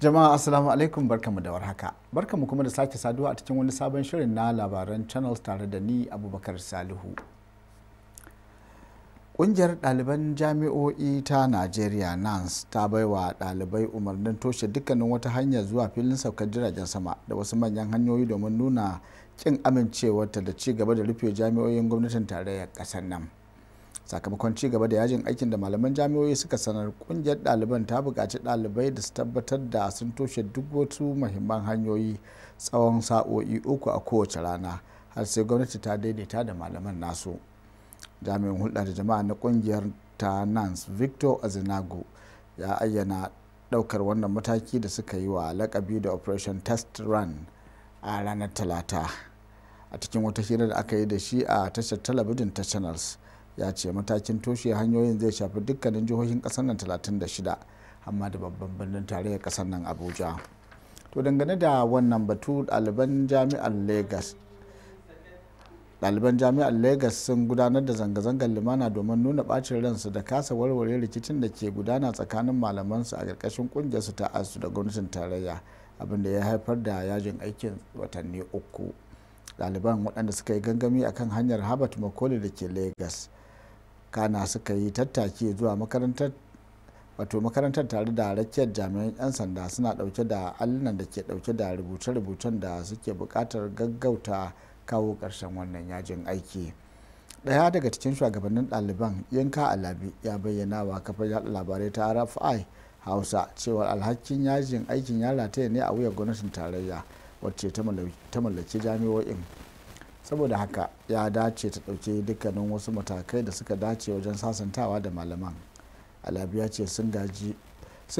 jama'a assalamu alaikum barkamu da warhaka barkamu kuma da sake saduwa a cikin wani sabon shirin na labaran channels tare da ni abubakar salihu kungiyar ɗaliban jami'o'i ta nigeria nans ta baiwa ɗalibai umarnin toshe dukkanin wata hanya zuwa filin saukar jiragen sama da wasu manyan hanyoyi domin nuna ƙin amincewarta da ci gaba da rufe jami'o'in gwamnatin tarayyar ƙasar nan sakamakon ci gaba da yajin aikin da malaman jami'o'i suka sanar kungiyar ɗaliban ta buƙaci ɗalibai da su tabbatar da sun toshe duk wasu muhimman hanyoyi tsawon sa'o'i uku a kowace rana har sai gwamnati ta daidaita da malaman nasu jami'in hulɗa da jama'a na kungiyar ta nans victor azinago ya ayyana ɗaukar wannan mataki da suka yi wa lakabi da operation test run a ranar talata a cikin wata hira da aka yi da shi a tashar talabijin ta channels ya ce matakin toshe hanyoyin zai shafi dukkanin jihohin kasar nan 36 amma da babban birnin tarayyar kasar nan abuja to dangane da wannan batu ɗaliban jami'ar lagos ɗaliban jami'ar lagos sun gudanar da zanga-zangar limana domin nuna bacin ransu da kasa warware rikicin da ke gudana tsakanin malamansu a ƙarƙashin ƙungiyarsu ta asu da gwamnatin tarayya abinda ya haifar da yajin aikin watanni uku ɗaliban waɗanda suka yi gangami akan hanyar habat makoli da ke lagos kana suka yi tattaki zuwa makarantar wato makarantar tare da rakiyar jami'an 'yan sanda suna dauke da allunan da ke dauke da rubuce-rubucen da suke bukatar gaggauta kawo karshen wannan yajin aiki daya daga cikin shugabannin ɗaliban yanka alabi ya bayyana wa kafar yada labarai ta rfi hausa cewa alhakin yajin aikin ya rataya ne a wuyar gwamnatin tarayya wacce ta mallaki jami'o'in saboda haka ya dace ta ɗauki dukkanin wasu matakai da suka dace wajen sasantawa da malaman alabi ya ce sun gaji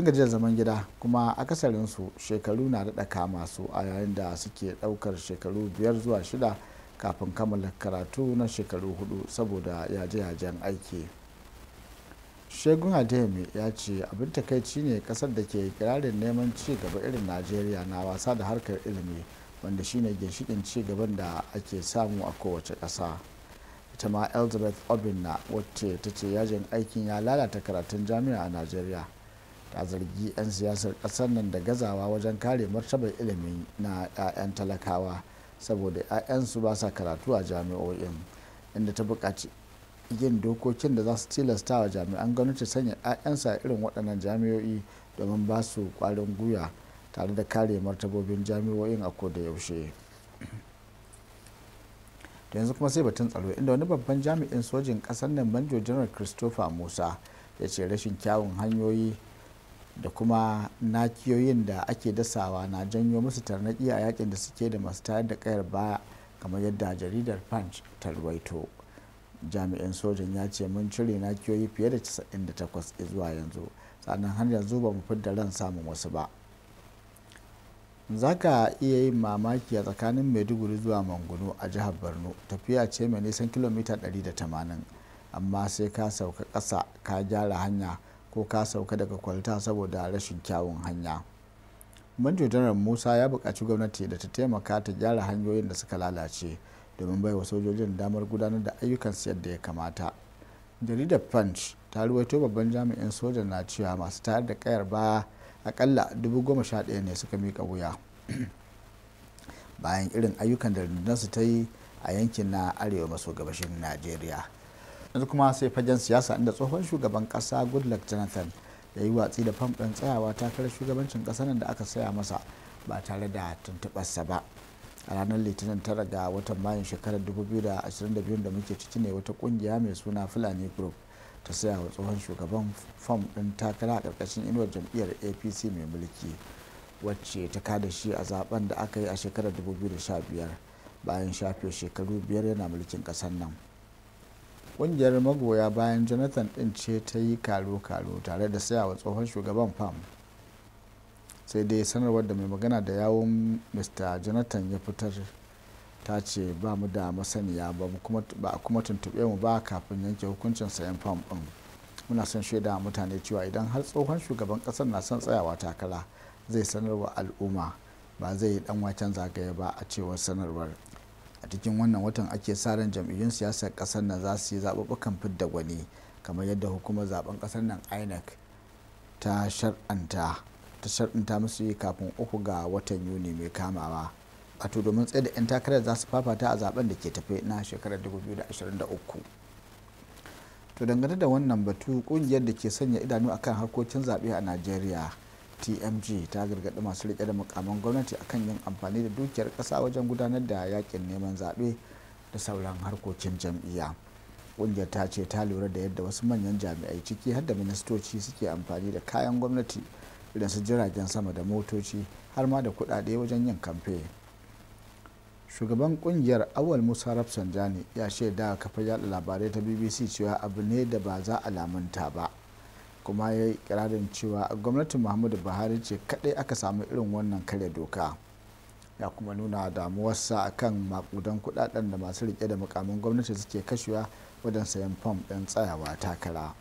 da zaman gida kuma akasarinsu shekaru na daɗa kama su a yayin da suke ɗaukar shekaru biyar zuwa shida kafin kammala karatu na shekaru hudu saboda yaje-yajen aiki shegun adeyemi ya ce abin takaici ne kasar da ke kirarin neman ci gaba irin najeriya na wasa da harkar ilimi wanda shine ginshikin ci gaban da ake samu a kowace ƙasa ita ma elizabeth obinna wacce ta ce yajin aikin ya lalata karatun jami'a a najeriya ta zargi 'yan siyasar ƙasar nan da gazawa wajen kare martabar ilimi na 'ya'yan talakawa saboda 'ya'yansu ba sa karatu a jami'o'in inda ta buƙaci yin dokokin da za su tilasta wa jami'an gwamnati sanya 'ya'yansa irin waɗannan jami'o'i domin ba su ƙwarin gwiwa tare da kare martabobin jami'o'in a koda yaushe da yanzu kuma sai batun tsaro inda wani babban jami'in sojin kasar nan banjo general christopher musa ya ce rashin kyawun hanyoyi da kuma nakiyoyin da ake dasawa na janyo musu tarnaki a yakin da suke da masu tayar da kayar baya kamar yadda jaridar punch ta ruwaito jami'in sojin ya ce mun cire nakiyoyi fiye da 98 zuwa yanzu sannan har yanzu ba mu fidda ran samun wasu ba za ka iya yin mamaki a tsakanin maiduguri zuwa manguno a jihar borno tafiya ce mai nisan kilomita 180 amma sai ka sauka ƙasa ka gyara hanya ko ka sauka daga kwalta saboda rashin kyawun hanya manjo janar musa ya buƙaci gwamnati da ta taimaka ta gyara hanyoyin da suka lalace domin baiwa sojojin damar gudanar da ayyukansu yadda ya kamata jaridar punch ta ruwaito babban jami'in soja na cewa masu tayar da kayar baya akalla 11,000 ne suka mika wuya bayan irin ayyukan da su ta yi a yankin na arewa maso gabashin najeriya yanzu kuma sai fagen siyasa inda tsohon shugaban kasa goodluck jonathan ya yi watsi da fam ɗin tsayawa takarar shugabancin ƙasar nan da aka saya masa ba tare da tuntuɓarsa ba a ranar litinin tara ga watan mayun shekarar 2022 da muke ciki ne wata ƙungiya mai suna fulani group ta saya wa tsohon shugaban fam ɗin takara a ƙarƙashin inuwar jam'iyyar apc mai mulki wacce ta kada shi a zaben da aka yi a shekarar 2015 bayan shafe shekaru biyar yana mulkin ƙasar nan ƙungiyar magoya bayan jonathan ɗin ce ta yi kalo-kalo tare da saya wa tsohon shugaban fam sai dai sanarwar da mai magana da yawon mr jonathan ya fitar ta ce ba mu da masaniya ba a kuma tuntuɓe mu ba kafin yanke hukuncin sayan fam ɗin muna son shaida mutane cewa idan har tsohon shugaban ƙasar na son tsayawa takara zai sanarwa al'umma ba zai yi dan waken zagaye ba a cewar sanarwar a cikin wannan watan ake sa ran jam'iyyun siyasar ƙasar nan za su yi zaɓuɓɓukan fidda gwani kamar yadda hukumar zaben ƙasar nan inec ta shar'anta ta shar'anta musu yi kafin uku ga watan yuni mai kamawa wato domin tsaye da 'yan takarar za su fafata a zaben da ke tafe na shekarar 2023 to dangane da wannan batu kungiyar da ke sanya idanu akan harkokin zaɓe a najeriya tmg ta gargaɗi masu riƙe da mukaman gwamnati akan yin amfani da dukiyar ƙasa wajen gudanar da yakin neman zaɓe da sauran harkokin jam'iyya kungiyar ta ce ta lura da yadda wasu manyan jami'ai ciki har da ministoci suke amfani da kayan gwamnati irin su jiragen sama da motoci har ma da kuɗaɗe wajen yin kamfe shugaban kungiyar awal musa rafsanjani ya shaida kafa yada labarai ta bbc cewa abu ne da ba za a lamunta ba kuma ya yi kirarin cewa gwamnatin muhammadu buhari ce kadai aka samu irin wannan karya doka ya kuma nuna damuwarsa akan makudan kudaden da masu rike da mukamin gwamnati suke kashewa wajen sayan fom ɗin tsayawa takara.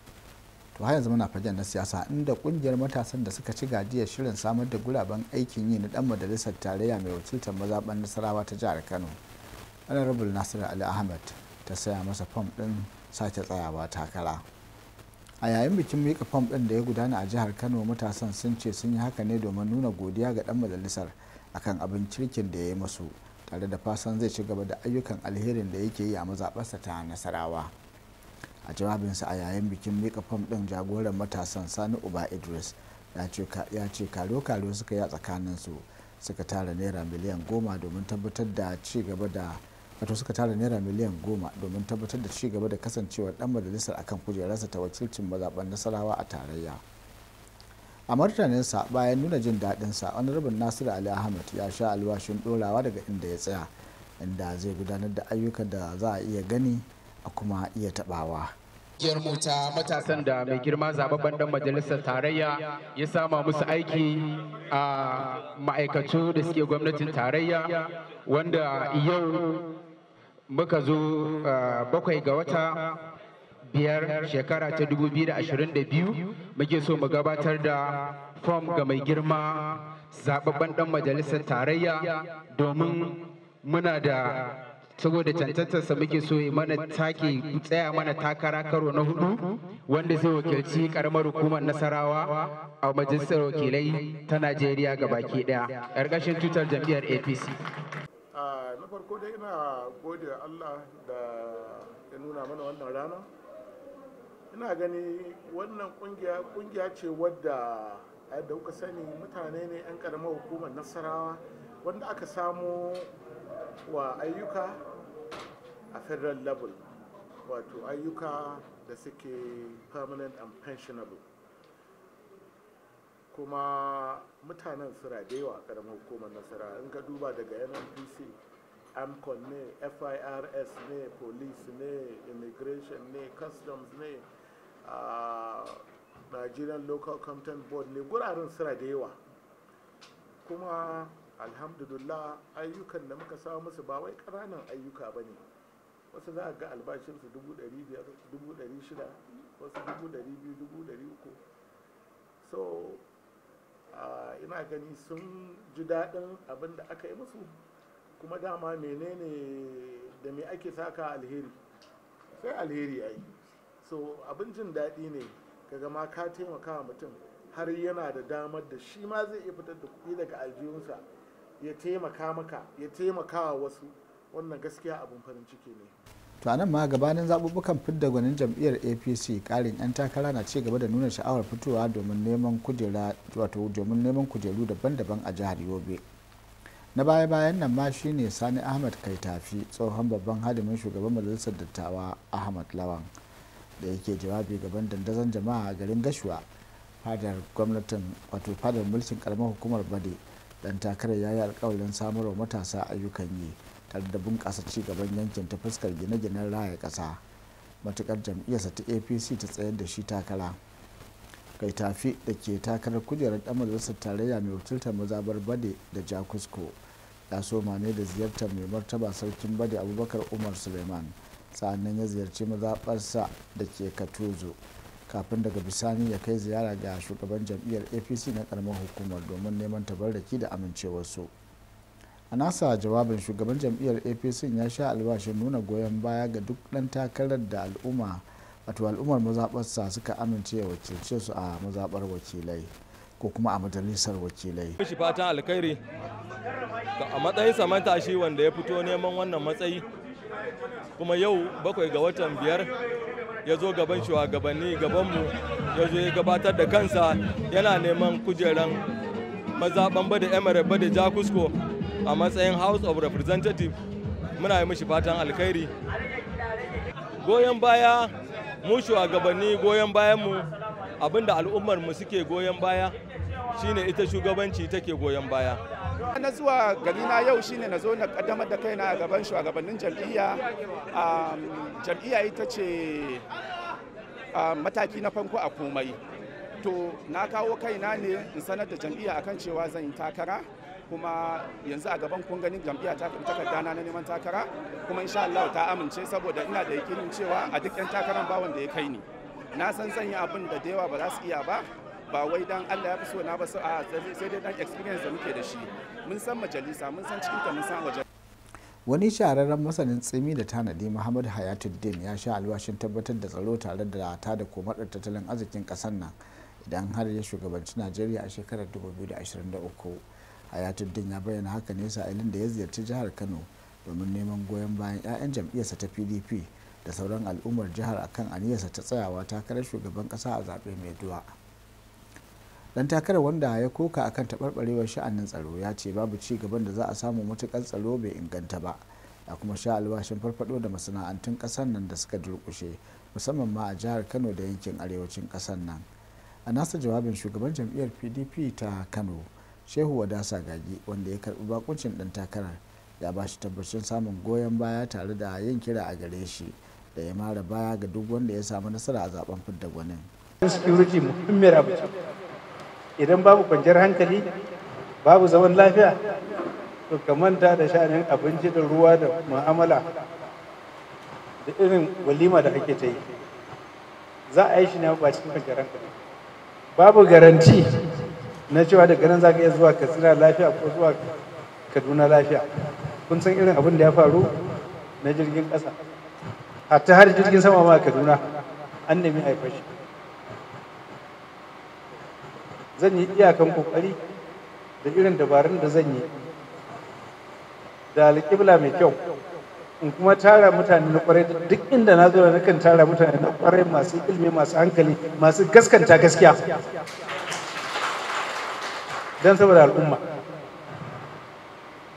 to har yanzu muna fagen na siyasa inda kungiyar matasan da suka ci gajiyar shirin samar da guraben aikin yi na dan majalisar tarayya mai wakiltar mazaɓar nasarawa ta jihar kano honorable nasir ali ahmed ta saya masa fom ɗin sake tsayawa takara a yayin bikin mika fom ɗin da ya gudana a jihar kano matasan sun ce sun yi haka ne domin nuna godiya ga dan majalisar akan abin cirkin da ya yi masu tare da fasan zai ci gaba da ayyukan alherin da yake yi a mazaɓarsa ta nasarawa a jawabinsa a yayin bikin mika fam ɗin jagoran matasan sani uba idris ya ce karo-karo suka yi a tsakaninsu suka tara naira miliyan goma domin tabbatar da ci gaba da wato suka tara naira miliyan goma domin tabbatar da ci gaba da kasancewar dan majalisar akan kujerarsa ta wakilcin mazaɓen nasarawa a tarayya a martaninsa bayan nuna jin daɗinsa rabin nasiru ali ahmed ya sha alwashin ɗorawa daga inda ya tsaya inda zai gudanar da ayyukan da za a iya gani a kuma iya tabawa. mu matasan da mai girma zababben dan majalisar tarayya ya sama musu aiki a ma'aikatu da suke gwamnatin tarayya wanda yau muka zo bakwai ga wata biyar shekara ta biyu, muke so mu gabatar da fom ga mai girma zababben dan majalisar tarayya domin muna da saboda cancantarsa muke so ya mana take tsaya mana takara karo na hudu wanda zai wakilci karamar hukumar nasarawa a majalisar wakilai ta najeriya baki daya ƙarƙashin tutar jam'iyyar apc ah, na farko dai ina gode allah da ya nuna mana wannan rana ina gani wannan kungiya ce wadda yadda kuka sani mutane ne 'yan karamar hukumar nasarawa wanda aka samu wa ayyuka a federal level wato ayyuka da suke permanent and pensionable kuma mutanen sura da yawa karamar hukumar nasara in ka duba daga nnpc amcon ne firs ne police ne immigration ne customs ne uh, nigerian local content board ne guraren sura da yawa kuma alhamdulillah ayyukan da muka samu musu ba wai ƙananan ayyuka ba ne wasu za a ga albashinsu dubu ɗari biyar dubu ɗari shida wasu dubu ɗari biyu dubu ɗari uku so ina gani sun ji daɗin abin da aka yi musu kuma dama menene da me ake saka alheri sai alheri ya yi so abin jin daɗi ne kaga ma ka taimaka mutum har yana da damar da shi ma zai iya fitar da kuɗi daga aljihunsa ya taimaka maka ya taimaka wa wasu wannan gaskiya abin farin ciki ne to nan ma gabanin zaɓuɓɓukan fidda gwanin jam'iyyar apc karin 'yan takara na ci gaba da nuna sha'awar fitowa domin neman kujera wato domin neman kujeru daban-daban a jihar yobe na baya-bayan nan ma shine sani ahmad tafi tsohon babban hadimin shugaban majalisar dattawa ahmad lawan da yake jawabi gaban dandazon jama'a a garin gashuwa fadar gwamnatin wato fadar mulkin karamar hukumar bade dan takarar ya yi alkawarin samarwa matasa ayyukan yi tare da bunƙasa gaban yankin ta fuskar gine-ginen raya ƙasa matukar jam'iyyarsa ta apc ta tsayar da shi takara kai tafi da ke takarar kujerar ɗan majalisar tarayya mai wakiltar mazabar bade da jakusko ya soma ne da ziyartar mai martaba sarkin bade abubakar umar suleiman sa'annan ya ziyarci mazaɓarsa da ke katuzo kafin daga bisani ya kai ziyara ga shugaban jam'iyyar apc na karamar hukumar domin neman tabarraki da amincewarsu a nasa jawabin shugaban jam'iyyar apc ya sha albashin nuna goyon baya ga duk ɗan takarar da al'umma wato al'ummar mazaɓarsa suka amince ya wakilce su a mazaɓar wakilai ko kuma a majalisar wakilai. Shi fatan alkhairi a matsayinsa matashi wanda ya fito neman wannan matsayi kuma yau bakwai ga watan biyar ya zo gaban shugabanni gabanmu ya zo ya gabatar da kansa yana neman kujeran mazaɓan bada emir da jakusko a matsayin house of representative muna yi mishi fatan alkhairi goyon baya mu shugabanni goyon bayanmu abinda al'ummarmu suke goyon baya shine ita shugabanci take goyon baya na zuwa gari na yau shine na zo na kaddamar da kaina a gaban shugabannin jam'iyya jam'iyya ita ce mataki na farko a komai to na kawo kaina ne in sanar da jam'iyya akan cewa zan yi takara kuma yanzu a gaban kun ganin jam'iyya ta takarda na neman takara kuma insha Allah ta amince saboda ina da yakinin cewa a duk 'yan takarar ba da ya kai ni na san zan yi abin da da yawa ba za su iya ba ba wai dan Allah ya fi so na ba a sai dai dan experience da muke da shi mun san majalisa mun san ta mun san wajen wani shahararren masanin tsimi da tanadi muhammad hayatuddin ya sha alwashin tabbatar da tsaro tare da ta da komadar tattalin arzikin kasar nan idan har ya shugabanci najeriya a shekarar 2023 hayatuddin ya bayyana haka ne sa'ilin da ya ziyarci jihar kano domin neman goyon bayan 'ya'yan jam'iyyarsa ta pdp da sauran al'ummar jihar akan aniyarsa ta tsayawa takarar shugaban kasa a zaɓe mai duwa dan takarar wanda ya koka akan taɓarɓarewar sha'anin tsaro ya ce babu ci gaban da za a samu matukan tsaro bai inganta ba a kuma sha albashin farfado da masana'antun ƙasar nan da suka durƙushe musamman ma a jihar kano da yankin arewacin ƙasar nan a nasa jawabin shugaban jam'iyyar pdp ta kano shehu wadasa gagi wanda ya karɓi bakuncin ɗan takarar ya ba shi tabbacin samun goyon baya tare da yin kira a gare shi da ya mara baya ga duk wanda ya samu nasara a zaben fidda gwanin. idan babu kwanciyar hankali babu zaman lafiya to ka manta da sha'anin abinci da ruwa da mu'amala da irin walima da ake ta yi za a yi shi ne ba cikin kwanciyar hankali babu garanti na cewa daga nan za ka iya zuwa katsina lafiya ko zuwa kaduna lafiya kun san irin abin da ya faru na jirgin ƙasa hatta har jirgin sama ma kaduna an nemi haifar shi zan yi iyakan kokari da irin dabarun da zan yi da alƙibla mai kyau in kuma tara mutane na kwarai duk inda na zo na kan tara mutane na kwarai masu ilimi masu hankali masu gaskanta gaskiya don saboda al'umma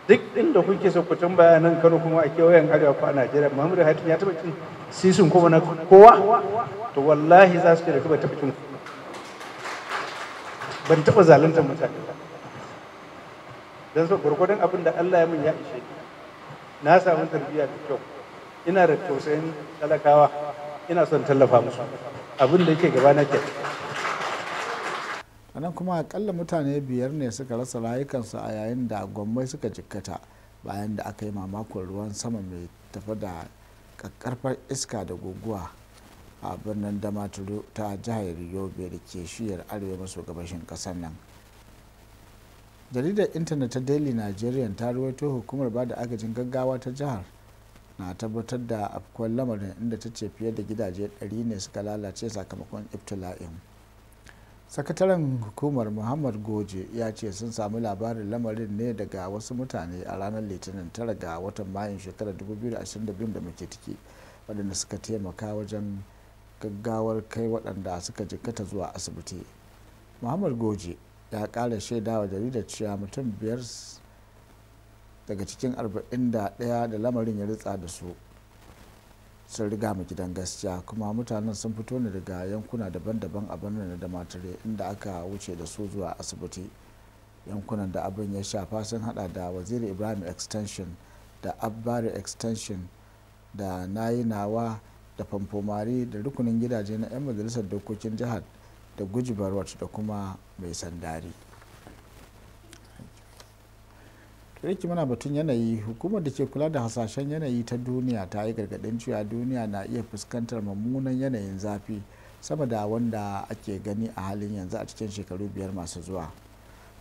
duk inda kuke so ku tambaya nan Kano kuma a kewayen arewa ko a Najeriya Muhammadu Hatim ya taɓa cin sisin kuma na kowa to wallahi za su ke da kuma taba ku. ban taɓa zaluntar mutane ba don so gwargwadon abin da Allah ya mun ya ishe na samu tarbiyya da kyau ina da tausayin talakawa ina son tallafa musu abin da yake gaba na ke nan kuma akalla mutane biyar ne suka rasa rayukansu a yayin da gwamnati suka jikkata bayan da aka yi mamakon ruwan sama mai tafi da kakkarfar iska da guguwa a birnin damaturu ta jihar yobe da ke shiyar arewa maso gabashin kasar nan jaridar intanet ta daily nigerian ta ruwaito hukumar bada agajin gaggawa ta jihar na tabbatar da afkuwar lamarin inda ta ce fiye da gidaje 100 ne suka lalace sakamakon iftila'in sakataren hukumar muhammad goje ya ce sun samu labarin lamarin ne daga wasu mutane a ranar litinin tara ga watan mayun shekarar 2022 da muke tiki waɗanda suka taimaka wajen gaggawar kai waɗanda suka jikkata zuwa asibiti muhammad goje ya ƙara shaida wa jaridar cewa mutum biyar daga cikin 41 da lamarin ya ritsa da su sun riga mu gidan gaskiya kuma mutanen sun fito ne daga yankuna daban-daban a birnin da matare inda aka wuce da su zuwa asibiti yankunan da abin ya shafa sun hada da waziri ibrahim extension da abbari extension da nayi nawa da famfomari da rukunin gidaje na 'yan majalisar dokokin jihar da guji da kuma mai sandari riki muna batun yanayi hukumar da ke kula da hasashen yanayi ta duniya ta yi gargaɗin cewa duniya na iya fuskantar mummunan yanayin zafi sama da wanda ake gani a halin yanzu a cikin shekaru biyar masu zuwa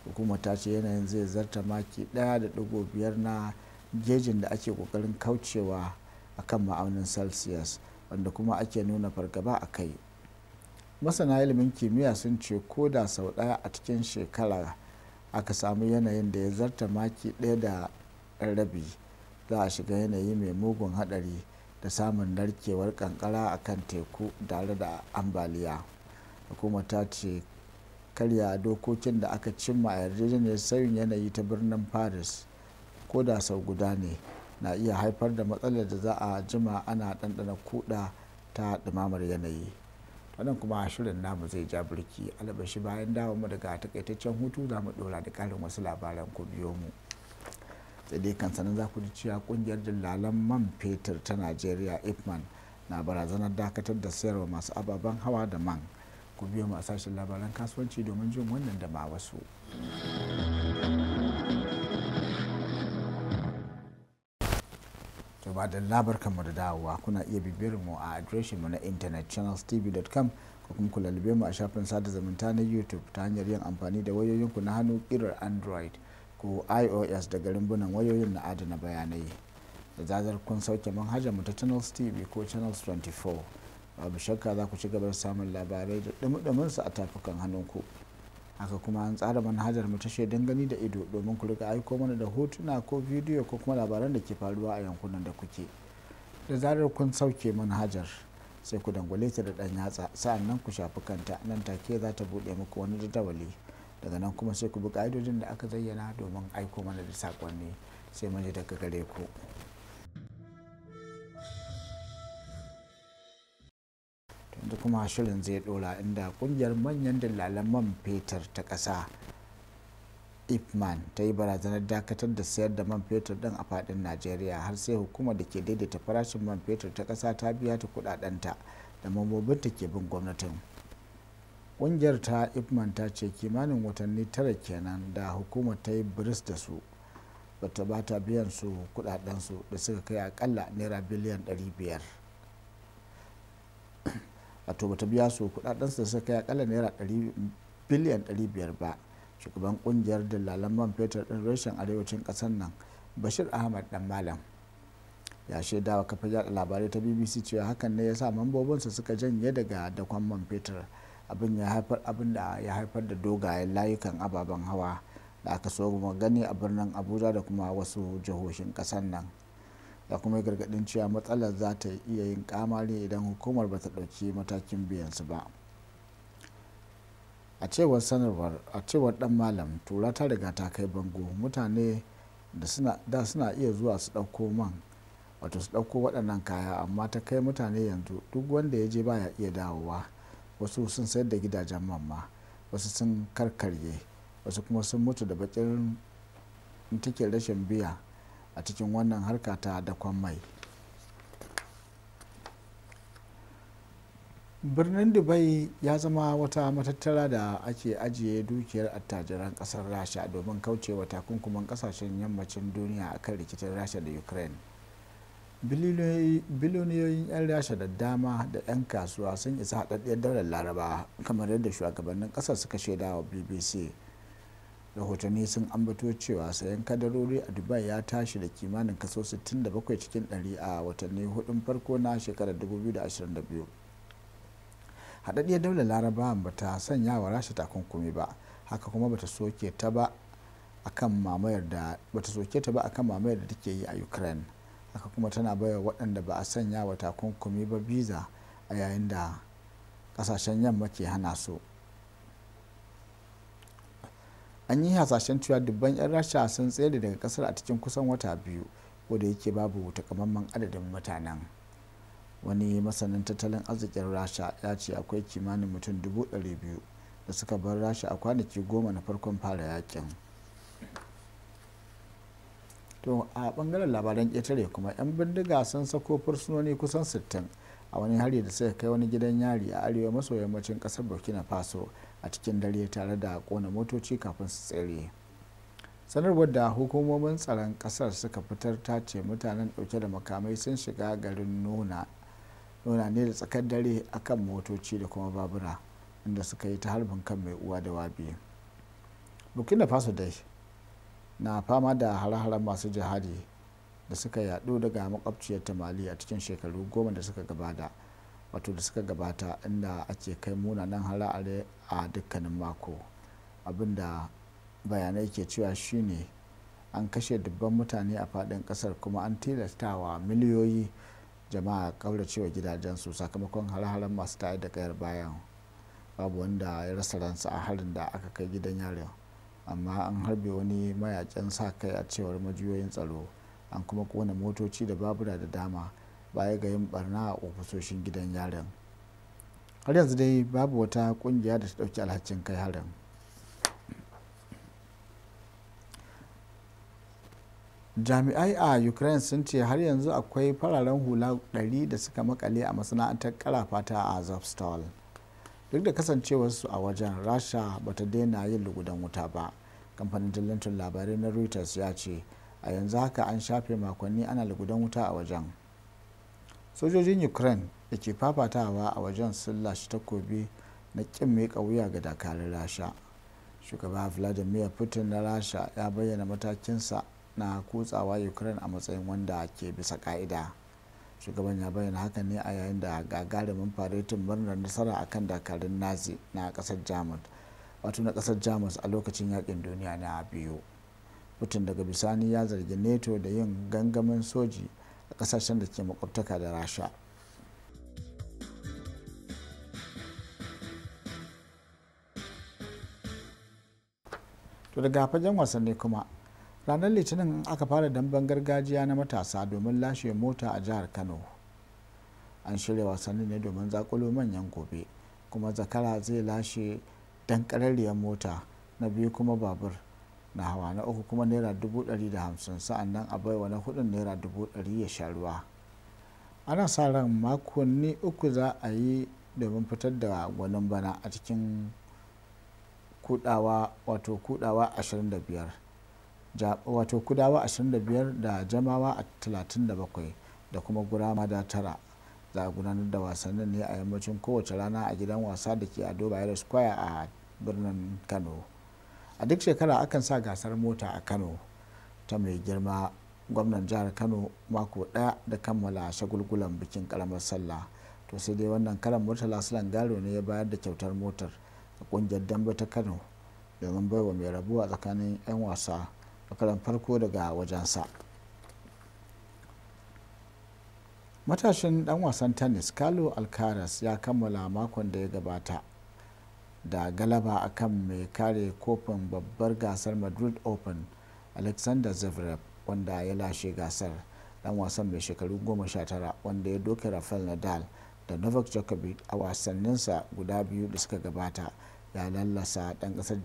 hukumar ta ce yanayin zai zarta maki ɗaya da biyar na gejin da ake ƙoƙarin kaucewa a kan ma'aunin celsius wanda kuma ake nuna fargaba a kai masana ilimin kimiyya sun ce ko da sau ɗaya a cikin shekara aka samu yanayin da ya zarta maki ɗaya da rabi za a shiga yanayi mai mugun haɗari da samun narkewar kankara a kan teku tare da ambaliya hukumar ta ce karya dokokin da aka cimma a yarjejeniyar sauyin yanayi ta birnin paris ko da sau guda ne na iya haifar da matsalar da za a jima ana ɗanɗana kuɗa ta ɗumamar yanayi wannan kuma shirin namu zai ja birki albashi bayan dawo mu daga takaitaccen hutu za mu ɗora da ƙarin wasu labaran ku biyo mu sai dai kan sanin za ku ji cewa ƙungiyar dillalan man fetur ta najeriya ipman na barazanar dakatar da sayarwa masu ababen hawa da man ku biyo mu a sashen labaran kasuwanci domin jin wannan da ma wasu. ba da labarkan mu da dawowa kuna iya bibiyar mu a adireshin mu na intanet channelstv.com ko kuma ku lalube mu a shafin sada zumunta na youtube ta hanyar yin amfani da wayoyin ku na hannu kirar android ko ios da garin bunan wayoyin na adana bayanai da zazar kun sauke manhajar mu ta channels tv ko channels 24 babu shakka za ku ci gaba da samun labarai da dumi su a tafukan hannun ku haka kuma an tsara manhajar mu ta shaidan gani da ido domin ku riga aiko mana da hotuna ko bidiyo ko kuma labaran da ke faruwa a yankunan da kuke da zarar kun sauke manhajar sai ku dangwale ta da dan yatsa sa'an nan ku shafi kanta nan take za ta buɗe muku wani jadawali daga nan kuma sai ku bi ka'idodin da aka zayyana domin aiko mana da sakonni sai mu daga gare ku. yanzu kuma shirin zai dora inda kungiyar manyan dillalan man fetur ta ƙasa ipman ta yi barazanar dakatar da sayar da man fetur din a fadin najeriya har sai hukumar da ke daidaita farashin man fetur ta ƙasa ta biya ta ta da mambobin ta ke bin gwamnatin kungiyar ta ipman ta ce kimanin watanni tara kenan da hukumar ta yi biris da su bata ba ta biyan su kudaden su da suka kai akalla naira biliyan 500 wato bata biya su kudaden su suka ya kala naira biliyan 500 ba shugaban kungiyar dalalan man fetur din reshen arewacin kasar nan bashir ahmad dan malam ya shaida wa kafar yada labarai ta bbc cewa hakan ne ya sa mambobinsa suka janye daga dakon man fetur abin ya haifar abin da ya haifar da dogayen layukan ababen hawa da aka so gani a birnin abuja da kuma wasu jihohin kasar nan ya kuma gargadin cewa matsalar za ta iya yin kamari idan hukumar ba ta ɗauki matakin su ba a cewar sanarwar a cewar dan malam tura ta riga ta kai bango mutane da suna iya zuwa su ɗauko man wato su ɗauko waɗannan kaya amma ta kai mutane yanzu duk wanda ya je baya iya dawowa wasu sun sayar da gidajen mamma wasu sun karkarye wasu kuma sun mutu da bakin tikin rashin biya a cikin wannan harka ta dakon mai birnin dubai ya zama wata matattara da ake ajiye dukiyar attajiran kasar rasha domin kaucewa takunkuman kasashen yammacin duniya a kan rikicin rasha da ukraine biloniyoyin 'yan rasha da dama da 'yan kasuwa sun isa haɗaɗɗiyar daular laraba kamar yadda shugabannin ƙasar suka shaida wa bbc rahotanni sun ambato cewa sayan kadarori a dubai ya tashi da kimanin kaso 67 cikin 100 a watanni hudun farko na shekarar 2022 haɗaɗɗiyar daular laraba ba ta sanya wa rasha takunkumi ba haka kuma bata soke ta ba akan mamayar da ta ba take yi a ukraine haka kuma tana baiwa waɗanda ba a sanya wa takunkumi ba biza a yayin da ƙasashen yamma ke hana su an yi hasashen cewa dubban 'yan rasha sun tsere daga kasar a cikin kusan wata biyu ko yake babu takamaiman adadin mutanen wani masanin tattalin arzikin rasha ya ce akwai kimanin mutum biyu da suka bar rasha a kwanaki goma na farkon fara yakin to a bangaren labaran ƙetare kuma 'yan bindiga sun sako fursunoni kusan 60 a wani hari da suka kai wani gidan yari a arewa maso yammacin ƙasar burkina faso a cikin dare tare da kona motoci kafin su tsere sanarwar da hukumomin tsaron kasar suka fitar ta ce mutanen dauke da makamai sun shiga garin nuna nuna ne da tsakar dare akan motoci da kuma babura inda suka yi ta harbin kan mai uwa da wabi burkina faso dai na fama da hare-haren masu jihadi da suka yadu daga makwabciyar tamali a cikin shekaru goma da suka gabata wato da suka gabata inda ake kai munanan hara'are a dukkanin mako abinda bayanai ke cewa shine an kashe dubban mutane a fadin kasar kuma an tilastawa miliyoyi jama'a gidajen su sakamakon har-haren masu tayar da kayar bayan babu wanda ya rasa ransa a harin da aka kai gidan yarin amma an harbe wani mayakin sa kai a cewar majiyoyin tsaro an kuma kona motoci da babura da dama baya ga yin barna a ofisoshin gidan yarin har yanzu dai babu wata kungiya da ta dauki alhakin kai harin jami'ai a ukraine sun ce har yanzu akwai fararen hula 100 da suka makale a masana'antar karafata a azovstal duk da kasancewarsu a wajen rasha ba ta daina yin lugudan wuta ba kamfanin dillancin labarai na reuters ya ce a yanzu haka an shafe makonni ana lugudan wuta a wajen sojojin ukraine da ke fafatawa a wajen sulla shi takobi na kin mai wuya ga dakarun rasha shugaba vladimir putin na rasha ya bayyana matakinsa na kutsawa ukraine a matsayin wanda ke bisa ka'ida shugaban ya bayyana haka ne a yayin da gagarumin faretin murnar nasara akan dakarun nazi na kasar jamus wato na kasar jamus a lokacin yakin duniya na biyu putin daga bisani ya zargi neto da yin gangamin soji kasashen da ke makwabtaka da rasha to daga fagen wasanni kuma ranar litinin aka fara damben gargajiya na matasa domin lashe mota a jihar kano an shirya wasanni ne domin zakulo manyan gobe kuma zakara zai lashe dankararriyar mota na biyu kuma babur na hawa na uku kuma naira dubu ɗari da hamsin sa'an a baiwa na hudun naira dubu ɗari ya sha ruwa ana sa ran makonni uku za a yi domin fitar da gwanin bana a cikin kudawa wato kudawa 25 wato kudawa ashirin da jamawa 37 da kuma gurama da tara za a gudanar da wasannin ne a yammacin kowace rana a gidan wasa da ke a square a birnin kano a duk shekara akan sa gasar mota a kano ta mai girma gwamnan jihar kano mako daya da kammala shagulgulan bikin karamar sallah to sai dai wannan karan murtala sulan garo ne ya bayar da kyautar motar a kungiyar dambe ta kano domin baiwa mai rabuwa tsakanin 'yan wasa a karan farko daga wajensa matashin dan wasan tennis carlo alcaraz ya kammala makon da ya gabata da galaba akan mai kare kofin babbar gasar madrid open alexander zverev wanda ya lashe gasar dan wasan mai shekaru 19 wanda ya doke rafael nadal da novak djokovic a wasanninsa guda biyu da suka gabata ya lallasa dan kasar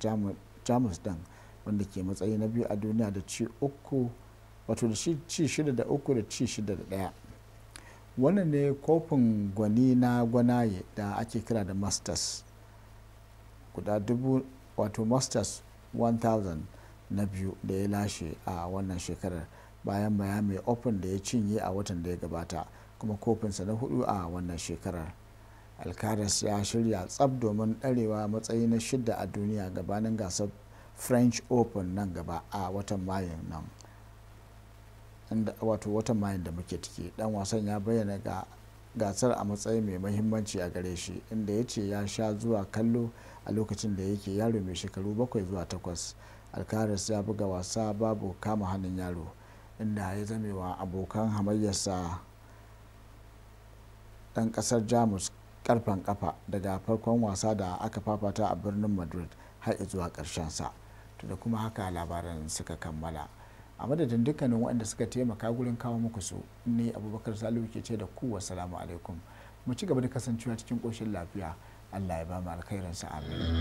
jamus din wanda ke matsayi na biyu a duniya da ci uku wato da ci shida da uku da ci shida da daya wannan ne kofin gwani na gwanaye da ake kira da masters guda dubu wato masters 1000 na biyu da ya lashe a wannan shekarar bayan miami open da ya cinye a watan da ya gabata kuma kofinsa na hudu a wannan shekarar alcaraz ya shirya tsab domin ɗarewa matsayi na shidda a duniya gabanin gasar french open nan gaba a watan mayun nan wato watan mayun da muke ciki dan wasan ya bayyana ga gasar a matsayin mai mahimmanci a gare shi inda ya ce ya sha zuwa kallo a lokacin da yake yaro mai shekaru bakwai zuwa takwas alkaris ya buga wasa babu kama hannun yaro inda ya zame wa abokan hamayyarsa dan kasar jamus karfen kafa daga farkon wasa da aka fafata a birnin madrid har zuwa karshen sa to da kuma haka labaran suka kammala a madadin dukkanin waɗanda suka taimaka gurin kawo muku su ne abubakar salihu ke ce da ku salamu alaikum mu ci gaba da kasancewa cikin ƙoshin lafiya allah ya ba mu alkhairinsa amin